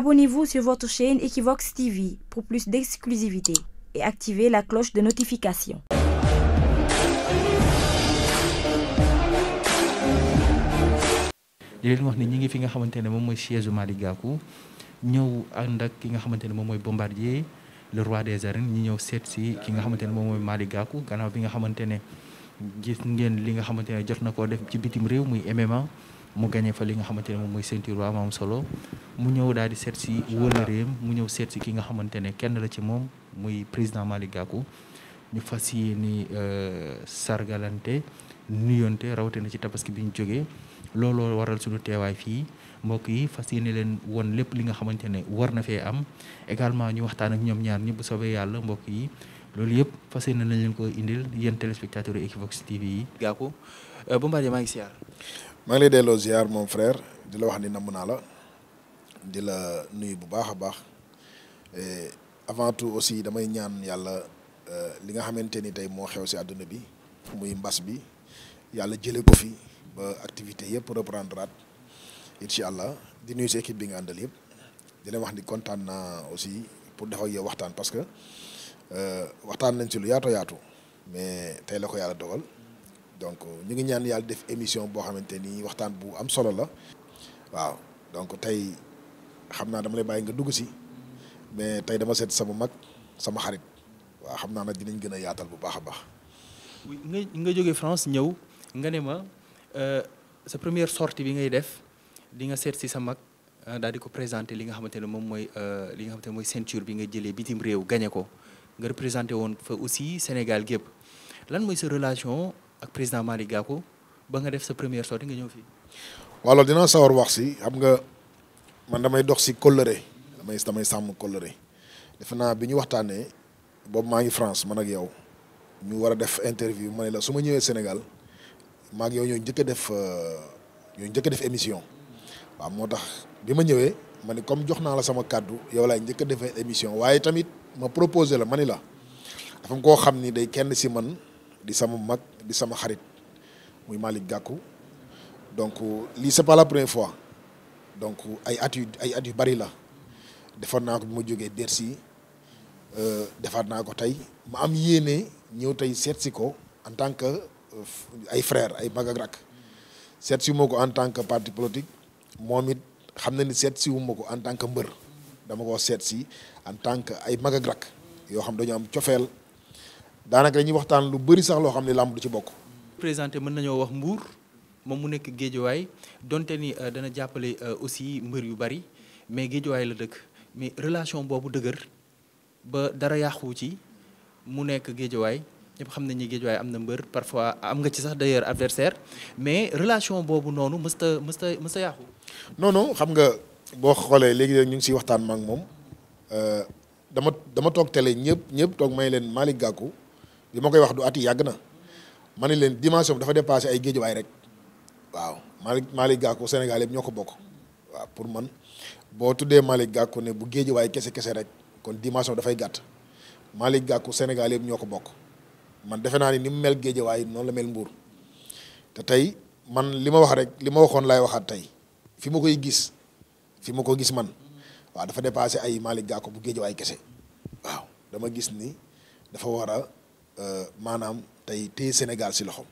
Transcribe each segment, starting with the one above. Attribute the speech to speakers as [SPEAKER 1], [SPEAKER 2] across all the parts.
[SPEAKER 1] Abonnez-vous sur votre chaîne Equivox TV pour plus d'exclusivité la cloche de notification.
[SPEAKER 2] di leen wax ne ñi ngi fi nga xamante ne moom mooy siège Malick Gakou ñëw ànd ak ki nga xamante ne moom mooy Bombardier le roi des arènes ñi ñëw seet si ki nga xamante ne moom mooy Malick Gakou gannaaw bi nga xamante ne gis ngeen li nga xamante ne jot na koo def ci bitim réew muy MMA. mu gagné fa li nga xamante ne moom mooy ceinture bu am am solo mu ñëw daal di seet si wëlëreem mu ñëw seet si ki nga xamante ne kenn la ci moom muy président Malick Gakou ñu fas yéene euh, sargalante nuyonte rawatina ci tabaski bi ñu jógee looloo waral suñu teewaay fii mbokk yi fas yéene leen won lépp li nga xamante ne war na fee am également ñu waxtaan ak ñoom ñaar ñëpp bu soobee yàlla mbokk yi loolu yëpp fas yéene nañ leen ko indil yéen téléspectateurs Equivox TV yi. Gakou euh, Bombardier maa ngi
[SPEAKER 1] siyaar. maa ngi lay delloo ziar moom frère di la wax ni namm naa la di la nuyu bu baax a baax avant tout aussi damay ñaan yàlla euh, li nga xamante ni tey moo xew si àdduna bi muy mbas bi yàlla jëlee ko fi ba activité yëpp reprendre at incha allah di nuyu si équipe bi nga àndal yëpp di leen wax ni kontaan naa aussi pour def ak waxtaan parce que euh, waxtaan nañ si lu yaato yaatu mais tey la ko yàlla dogal. donc ñu ngi ñaan yàlla def émission boo xamante ni waxtaan bu am solo la waaw donc tey xam naa dama lay bàyyi nga dugg si mais tey dama seet sama mag sama xarit waa xam naa nag dinañ gën a yaatal bu baax a baax.
[SPEAKER 2] nga nga jóge France ñëw nga ne ma euh, sa première sortie bi ngay def di nga seet si sa mag. Euh, daal di ko présenter li nga xamante ne moom mooy euh, li nga xamante ne mooy ceinture bi nga jëlee bitim réew gagné ko nga représenté woon fa aussi Sénégal gépp lan mooy sa relation ak président Malick Gakou ba nga def sa première sortie nga ñëw fii.
[SPEAKER 1] waaw loolu dinaa sawar wax si xam nga man damay dox si kóllëre damay damay sàmm kóllëre defe naa bi ñu waxtaanee boobu maa ngi France man ak yow ñu war a def interview ma ne la su ma ñëwee Sénégal maa ngi yow ñoo njëkk a def euh, ñoo njëkk def émission waaw moo tax bi ma ñëwee ma ne comme jox naa la sama kàddu yow laay njëkk a defee émission waaye tamit ma proposé la ma ni la dafa koo xam ni day kenn si man. di sama mag di sama xarit muy Malick gàkku donc lii c'est pas la première fois donc ay at yu ay at yu bari la defaat naa ko bi ma jógee Bercy euh, defaat naa ko tey ma am yéene ñëw tey seet si ko en tant que euh, ay frère ay mag ak rak seet si wu ko en tant que parti moom it xam na ni seet si wu ko en tant que mbër dama ko seet si en tant que ay mag ak rak yoo xam dañu am cofeel daanaka dañuy waxtaan lu bëri sax loo xam ne làmb du ci bokk.
[SPEAKER 2] présenté mën nañoo wax mbuur moom mu nekk géejuwaay donte ni euh, dana jàppale euh, aussi mbër yu bari mais géejuwaay la dëkk mais relation boobu dëgër ba dara yàqu ci mu nekk géejuwaay ñëpp xam nañu géejuwaay am na mbër parfois am nga ci sax d'ailleurs adversaire mais relation boobu noonu mësta mësta mësta yàqu. noonu xam nga boo xoolee léegi ñu
[SPEAKER 1] ngi siy waxtaan ma ak moom euh, dama dama toog tele ñëpp ñëpp toog may leen Malick Gakou. bi ma koy wax du at yàgg na ma ne leen dimension bi dafa dépassé ay géejuwaay rek waaw Malick Malick Gakou Sénégal ñoo ko bokk waaw pour man boo tuddee Malick Gakou ne bu géejuwaay kese kese rek kon dimension dafay gàtt Malick gàkku Sénégal ñoo ko bokk man defe naa ni ni mu mel géejawaay noonu la mel mbuur te tey man li ma wax rek li ma waxoon laay waxaat tey fi ma koy gis fi ma ko gis man waaw dafa dépassé ay Malick Gakou bu géejawaay kese waaw dama gis ni dafa war Euh, maanaam tey téye Sénégal si loxoom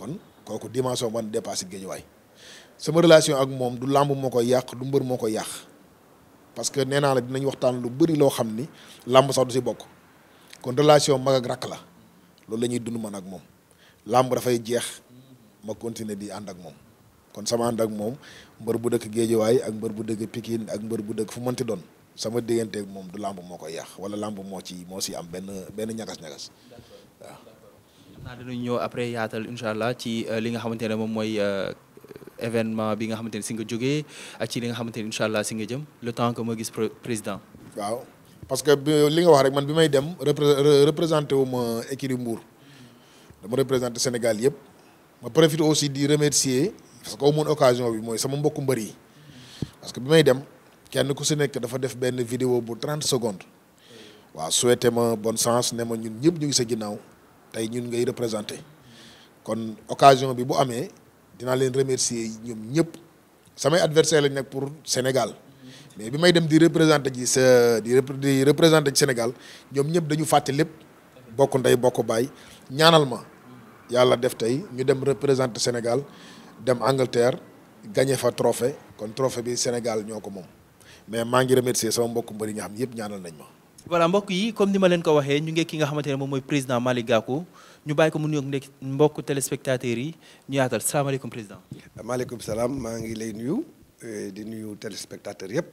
[SPEAKER 1] kon kooku dimension man dépassé Guédiawaye sama relation ak moom du làmb moo koy yàq du mbër moo ko yàq parce que nee naa la dinañ waxtaan lu bëri loo xam ni làmb sax du si bokk kon relation mag ak rakk la loolu lañuy ñuy dund man ak moom làmb dafay jeex ma continuer di ànd ak moom kon sama ànd ak moom mbër bu dëkk Guédiawaye ak mbër bu dëkk Pikine ak mbër bu dëkk fu mënti doon sama digganteeg moom du làmb moo koy yàq wala làmb moo ci moo si am benn benn ñagas-ñagas waaw.
[SPEAKER 2] naa dinañ ñëw après yaatal incha allah ci euh, li nga xamante ne moom mooy euh, événement bi nga xamante ne si nga jógee ak ci li nga xamante ne incha allah si nga jëm le temps que ma gis président.
[SPEAKER 1] waaw parce que li nga wax rek man bi may dem représenté wu ma écurie Mbour dama représenté Sénégal yëpp ma profite aussi di remercier parce que amoon occasion bi mooy sama mbokku mbër yi parce que bi may dem. kenn ku si nekk dafa def benn vidéo bu 30 secondes waaw souhaité ma bonne chance ne ma ñun ñëpp ñu ngi sa ginnaaw tey ñun ngay représenté kon occasion bi bu amee dinaa leen remercier ñoom ñëpp samay adversaire lañ nekk pour Sénégal mais bi may dem di représenté ji sa di di représenté ci Sénégal ñoom ñëpp dañu fàtte lépp bokk ndey bokk baay ñaanal ma yàlla def tey ñu dem représenté Sénégal dem Angleterre gagné fa trophée kon trophée bi Sénégal ñoo ko moom mais maa ngi remercier sama mbokk mbër yi nga xam yëpp ñaanal nañ ma.
[SPEAKER 2] voilà mbokk yi comme ni ma leen ko waxee ñu ngi ki nga xamante ne moom mooy président Malick Gakou ñu bàyyi ko mu nuyoog nekk mbokk téléspectateurs yi ñu yaatal salaamaaleykum président.
[SPEAKER 3] maaleykum salaam maa ngi lay nuyu eh, di nuyu téléspectateurs yëpp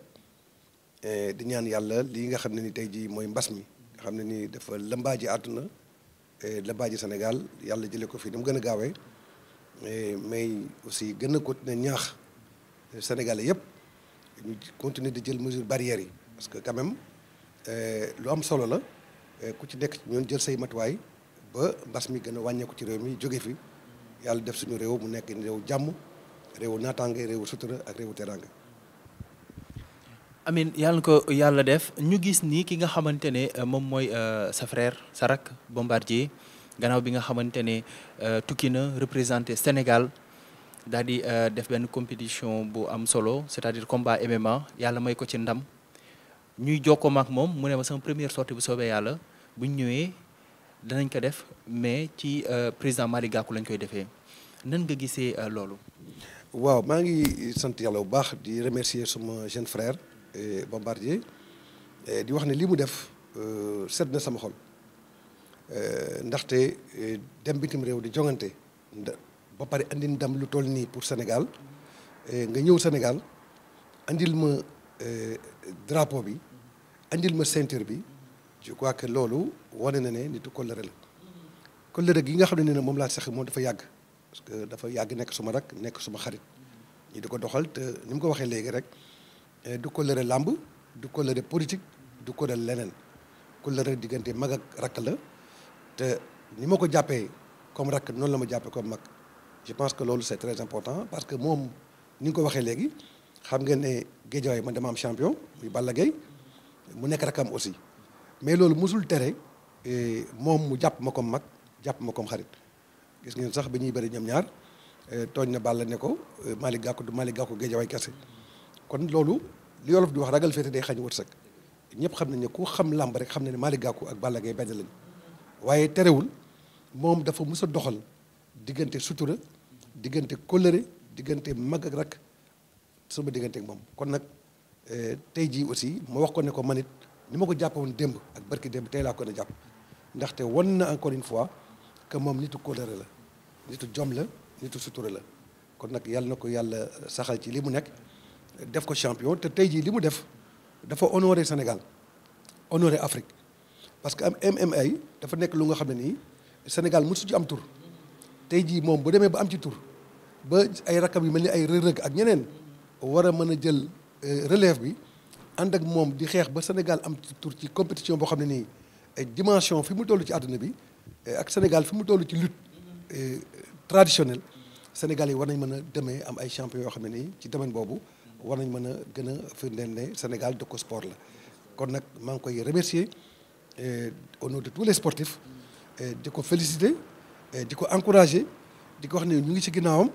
[SPEAKER 3] eh, di ñaan yàlla lii nga xam ne ni tey jii mooy mbas mi nga xam ne nii dafa lëmbaaji àdduna eh, lëmbaaji Sénégal yàlla jëlee ko fii ni mu gën a gaawee mais aussi gën a continuer ñaax Sénégalais yëpp. ñu continuer di jël mesure barrières yi parce que quand même euh, lu am solo la euh, ku ci nekk ñoon jël say matuwaay ba mbas mi gën a wàññeeku ci réew mi jóge fi yàlla def suñu réew mu nekk réew jàmm réewu naataange réewu sutura ak réewu teraanga.
[SPEAKER 2] amin yàlla ko yàlla def ñu gis nii ki nga xamante ne euh, moom mooy sa frère sa rak Bombardier gannaaw bi nga xamante ne tukki na représenté Sénégal. daal di euh, def benn compétition bu am solo c'est-à-dire combat MMA yàlla may ko ci ndam ñuy jokkoo moom mu ne ma sama première sortie bu soobee yàlla bu ñu ñëwee danañ ko def mais ci euh, président Malick Gakou lañ koy defee nan nga gisee euh, loolu.
[SPEAKER 3] waaw maa ngi sant yàlla bu baax di remercier suma jeune frère Bombardier di wax ne li mu def sedd na sama xol ndaxte dem bitim réew di jongante. ba pare andi ndam lu toll nii pour Sénégal eh, nga ñëw Sénégal indil ma eh, drapeau bi indil ma ceinture bi je crois que loolu wane na ne nitu kóllëre la kóllëre gi nga xam ne ne moom laa sax moom dafa yàgg parce que dafa yàgg nekk suma rak nekk suma xarit ñi di ko doxal te ni mu ko waxee léegi rek eh, du kóllëre làmb du kóllëre politique du kóllëre leneen kóllëre diggante mag ak rakk la te ni ma ko jàppee comme rakk noonu la ma jàppee comme mag je pense que loolu c' est très important parce que moom ni nga ko waxee léegi xam ngeen ne Guédiawaye man dem am champion muy Balla Gaye mu nekk am aussi mais loolu musul tere moom mu jàpp ma comme mag jàpp ma comme xarit gis ngeen sax bi ñuy bëri ñoom ñaar euh, tooñ na Balla ne ko euh, Malick Gakou du Malick Gakou Guédiawaye kese kon loolu li Wolof di wax ragal féete day xañ wërsëg ñëpp xam nañ ne ku xam làmb rek xam ne ne Malick Gakou ak Balla Gaye benn lañ waaye terewul moom dafa mës a diggante sutura diggante kóllëre diggante mag ak rak sama diggante moom kon nag eh, tey jii aussi ma wax ko ne ko man it ni ma ko jàppoon démb ak barki démb tey laa ko ne jàpp ndaxte won na encore une fois que moom nitu kóllëre la nitu jom la nitu sutura la kon nag yàlla na ko yàlla saxal ci li mu nekk def ko champion te tey jii li mu def dafa honoré Sénégal honoré Afrique parce que am MMA dafa nekk lu nga xam ne nii Sénégal mosu ci am tur tey jii moom bu demee ba am ci tur ba ay rakam yu mel ni ay rëg-rëg ak ñeneen war a mën a jël euh, relève bi ànd ak moom di xeex ba Sénégal am ci tur ci compétition boo xam ne nii dimension fi mu toll ci àdduna bi euh, ak Sénégal fi mu toll ci lutte euh, traditionnel Sénégal yi war nañ mën a demee am ay champion yoo xam ne nii ci domaine boobu war nañ mën a gën a firndeel ne Sénégal ko sport la kon nag maa ngi koy remercier au nom de tous les sportifs di ko féliciter Eh, di ko encouragé di ko wax ne ñu ngi ci ginnaawam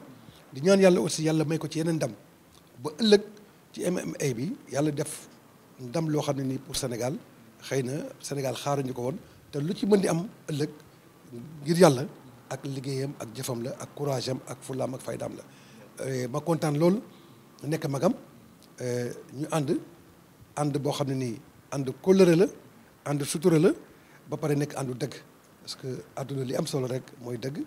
[SPEAKER 3] di ñaan yàlla aussi yàlla may ko ci yeneen ndam ba ëllëg ci MMA bi yàlla def ndam loo xam ne nii pour Sénégal xëy na Sénégal xaaruñu ko woon te lu ci mën di am ëllëg ngir yàlla ak liggéeyam ak jëfam la ak courage ak fulaam ak faydaam la eh, ma kontaan loolu nekk magam eh, ñu ànd ànd boo xam ne nii ànd kóllëre la ànd sutura la ba pare nekk àndu dëgg parce que àdduna li am solo rek mooy dëgg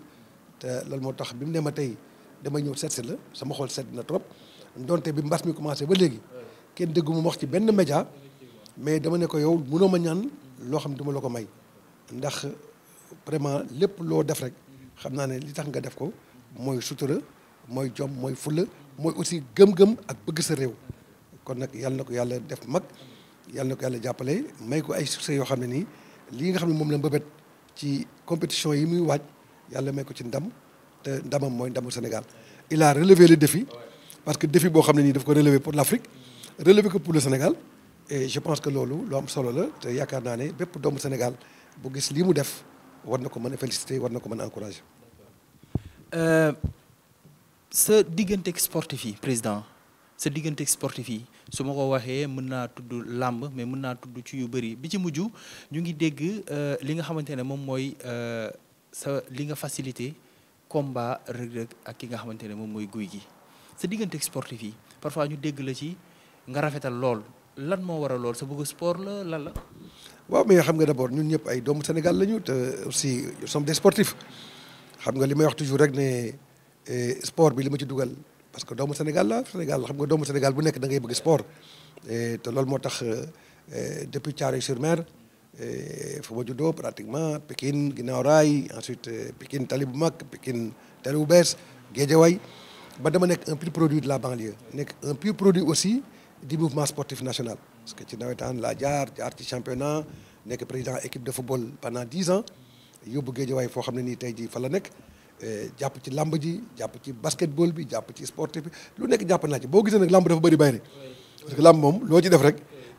[SPEAKER 3] te lal moo tax bi mu ne ma tey damay ñëw seet la sama xol sedd na trop donte bi mbas mi commencé ba léegi kenn déggu mu wax ci benn média mais dama ne ko yow mënoo ma ñaan loo xam ne duma la ko may ndax vraiment lépp loo def rek xam naa ne li tax nga def ko mooy sutura mooy jom mooy fulla mooy aussi gëm-gëm ak bëgg sa réew kon nag yàlla na ko yàlla def mag yàlla na ko yàlla jàppale may ko ay succès yoo xam ne nii lii nga xam ne moom la mbëbët ci compétition yi muy waaj yàlla may ko ci ndam te ndamam mooy ndamu Sénégal il a relevé le défi parce que défi boo xam ne nii daf ko relevé pour l'Afrique relevé ko pour le Sénégal et je pense que loolu lu am solo la te yaakaar naa ne bépp doomu Sénégal bu gis lii
[SPEAKER 2] mu def war na ko mën a féliciter war na ko mën a encourager. Euh, sa digganteeg sportif yi président. sa diggante sportif yi su ma ko waxee mën naa tudd làmb mais mën naa tudd ci yu bëri bi ci mujj ñu ngi dégg euh, li nga xamante ne moom mooy euh, sa li nga facilité combat Reug Reug ak ki nga xamante ne moom mooy guy gi sa diggante sportif yi parfois ñu dégg la ci nga rafetal lool lan moo waral lool sa bëgg sport la lan la.
[SPEAKER 3] waaw mais xam nga d'abord ñun ñëpp ay doomu Sénégal lañu te aussi nous sommes des xam nga li may wax toujours rek ne euh, sport bi li ma ci dugal. parce que doomu Sénégal la Sénégal xam nga doomu Sénégal bu nekk da ngay bëgg sport eh, te loolu moo tax eh, depuis Thiaroye-sur-Mer eh, fa ma juddoo pratiquement Pikine Guinaw Rail ensuite Pikine Tali bu mag Pikine Tali bu bees Guédiawaye ba dama nekk un pur produit de la banlieue nekk un pur produit aussi du mouvement sportif national parce que ci nawetaan laa jaar jaar ci championnat nekk président équipe de football pendant dix ans yóbbu Guédiawaye foo xam ne nii tey jii fa la nekk Eh, jàpp ci làmb ji jàpp ci basketball bi jàpp ci sportif bi lu nekk jàpp naa ci boo gisee nag làmb dafa bëri bayri parce que làmb moom loo ci def rek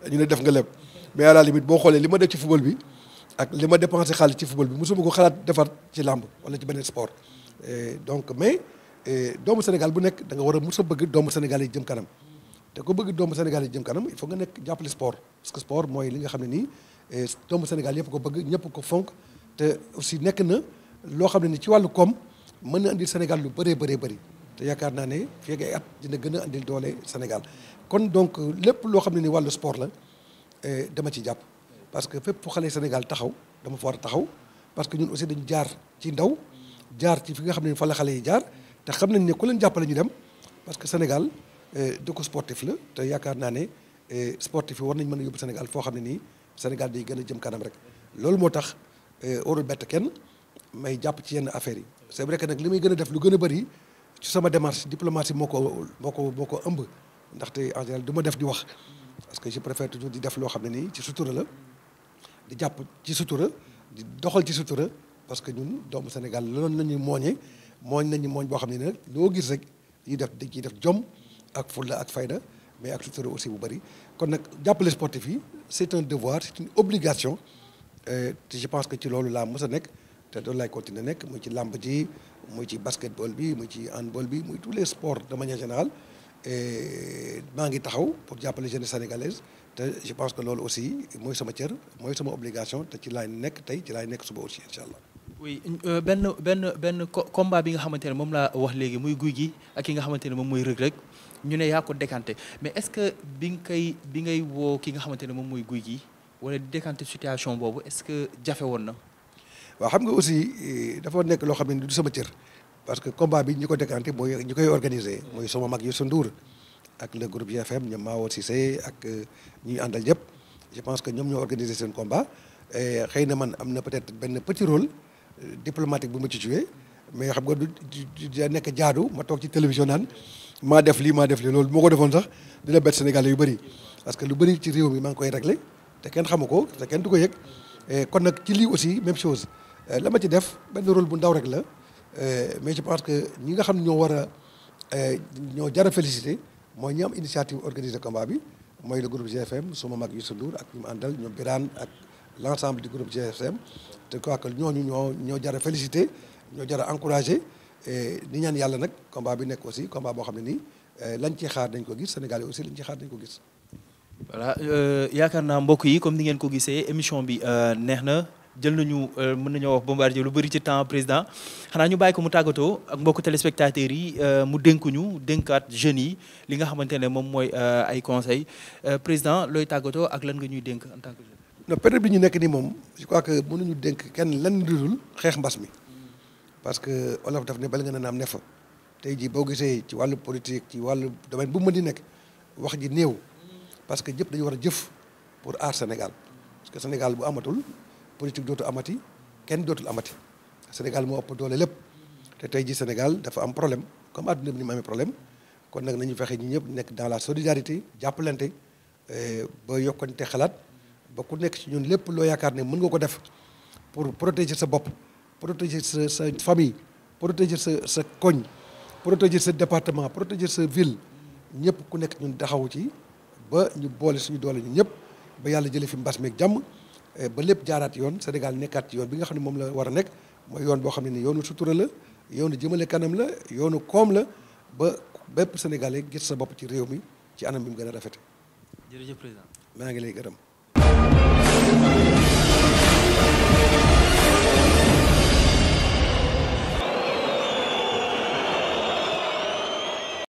[SPEAKER 3] ñu ne def nga lépp mais à la limite boo xoolee li ma def ci football bi ak li ma dépensé xaalis ci football bi mosuma ko xalaat defar ci làmb wala ci beneen sport eh, donc mais eh, doomu senegal bu nekk da nga war a mos a bëgg doomu Sénégal yi jëm kanam te ko bëgg doomu Sénégal yi jëm kanam il faut nga nekk jàppale sport parce mooy li nga xam ne nii doomu Sénégal yëpp ko bëgg ñëpp ko fonk te aussi nekk na loo xam ne ni ci wàllu koom mën na andil Sénégal lu bëree bëree bëri te yaakaar naa ne fii ak at dina gën a andil doole Sénégal kon donc lépp loo xam ne ni wàllu sport la eh, dama ci jàpp parce que fépp fu xale Sénégal taxaw dama fa war a taxaw parce que ñun aussi dañu jaar ci ndaw jaar ci fi nga xam ne fa la xale yi jaar te xam nañ ne ku leen jàpp ñu dem parce que Sénégal eh, dëkku sportif la te yaakaar naa ne eh, sportif yi war nañ mën a yóbbu Sénégal foo xam ne nii Sénégal day gën a jëm kanam rek loolu moo tax warul kenn may jàpp ci yenn affaires yi c'est vrai que nag li may gën a def lu gën a bëri ci sama démarche diplomatie moo ko moo ko moo ko ëmb ndaxte en général du def di wax parce que je préfère toujours di def loo xam ne nii ci sutura la di jàpp ci sutura di doxal ci sutura parce que ñun doomu Sénégal loolu la ñuy mooñee mooñ nañu mooñ boo xam ne nag loo gis rek dañuy def dañ ciy def jom ak fulla ak fayda mais ak sutura aussi bu bëri kon nag jàppale sportif yi c'est un devoir c'est une obligation te je pense que ci loolu laa mës a nekk te doon lay continuer nekk muy ci làmb ji muy ci basketball bi muy ci handball bi muy tous les sports de manière générale maa ngi taxaw pour jàppale jeunesse sénégalaise te je pense que loolu aussi mooy sama cër mooy sama obligation te ci laay nekk tey ci lay nekk suba aussi incha allah.
[SPEAKER 2] oui euh, benn benn benn combat bi nga xamante ne moom laa wax léegi muy guy gi ak ki nga xamante ne moom mooy Reug rek ñu ne yaa ko décanté mais est-ce que bi nga koy bi ngay woo ki nga xamante ne moom mooy guy gi wala di situation boobu est-ce que jafe woon na.
[SPEAKER 3] waaw xam nga aussi eh, dafa nekk loo xam ne du sama cër parce que combat bi ñi ko décanté mooy ñi koy organisé mooy sama mag Youssou Ndour ak le groupe GFM ñoom Maodo Cissé ak eh, ñuy àndal yëpp je pense que ñoom ñoo organisé seen combat xëy na man am na peut-être benn petit role eh, diplomatique bu ma ci joué mais xam nga du da nekk jaadu ma toog ci télévision naan maa def lii maa def lii loolu moo ko defoon sax dina bett Sénégalais yu bëri parce que lu bëri ci réew mi maa ngi koy réglé te kenn xamu ko te kenn du ko yëg kon nag ci lii aussi même chose Euh, la ma ci def benn rôle bu ndaw rek la euh, mais je pense que ñi nga xam ne ñoo war a euh, ñoo jar a félicité mooy ñi am initiative organiser combat bi mooy le groupe GFM ma mag Youssou Ndour ak ñu mu àndal ñoom Birane ak l' ensemble du groupe GFM te quoi que ñooñu ñoo ñoo jar a félicité ñoo jar a encouragé di ñaan yàlla nag combat bi nekk aussi combat boo xam ne nii lañ ci xaar dañ ko gis Sénégal yi aussi lañ ci xaar dañ ko gis.
[SPEAKER 2] voilà yaakaar naa mbokk yi comme ni ngeen ko gisee émission bi neex na. jël nañu euh, mën nañoo wax Bombardier lu bëri ci temps président xanaa ñu bàyyi ko mu tàggatoo ak mbokku téléspectateurs yi euh, mu dénkuñu dénkaat jeunes yi li nga xamante ne moom mooy euh, ay conseil président looy tàggatoo ak lan nga ñuy dénk en tant que
[SPEAKER 3] jeune. non bi ñu nekk nii moom je crois que mënuñu dénk kenn lan dudul xeex mbas mi parce que olof daf ne bala nga ne tey jii boo gisee ci wàllu politique ci wàllu domaine bu mu mën di nekk wax ji néew parce que jëpp dañu war a jëf pour aar Sénégal parce que Sénégal bu amatul. politique dootu amati kenn dootul amati Sénégal moo ëpp doole lépp te tey ji Sénégal dafa am problème comme àdduna bi ni mu amee problème kon nag nañu fexe ñu ñëpp nekk dans la solidarité jàppalante eh, ba yokkante xalaat ba ku nekk ci ñun lépp loo yaakaar ne mën nga ko def pour protéger sa bopp protéger sa sa famille protéger sa sa koñ protéger sa département protéger sa ville ñëpp ku nekk ñun daxaw ci ba ñu boole suñu doole ñun ñëpp ba yàlla jële fi mbas meeg jàmm Eh, ba lépp jaaraat yoon Sénégal nekkaat ci yoon bi nga xam ne moom la war a nekk mooy yoon boo xam ne ni yoonu sutura la yoonu jëmale kanam la yoonu koom la ba bépp sénégalais gis sa bopp ci réew mi ci anam bi mu gën a rafete jërëjëf président maa ngi lay gërëm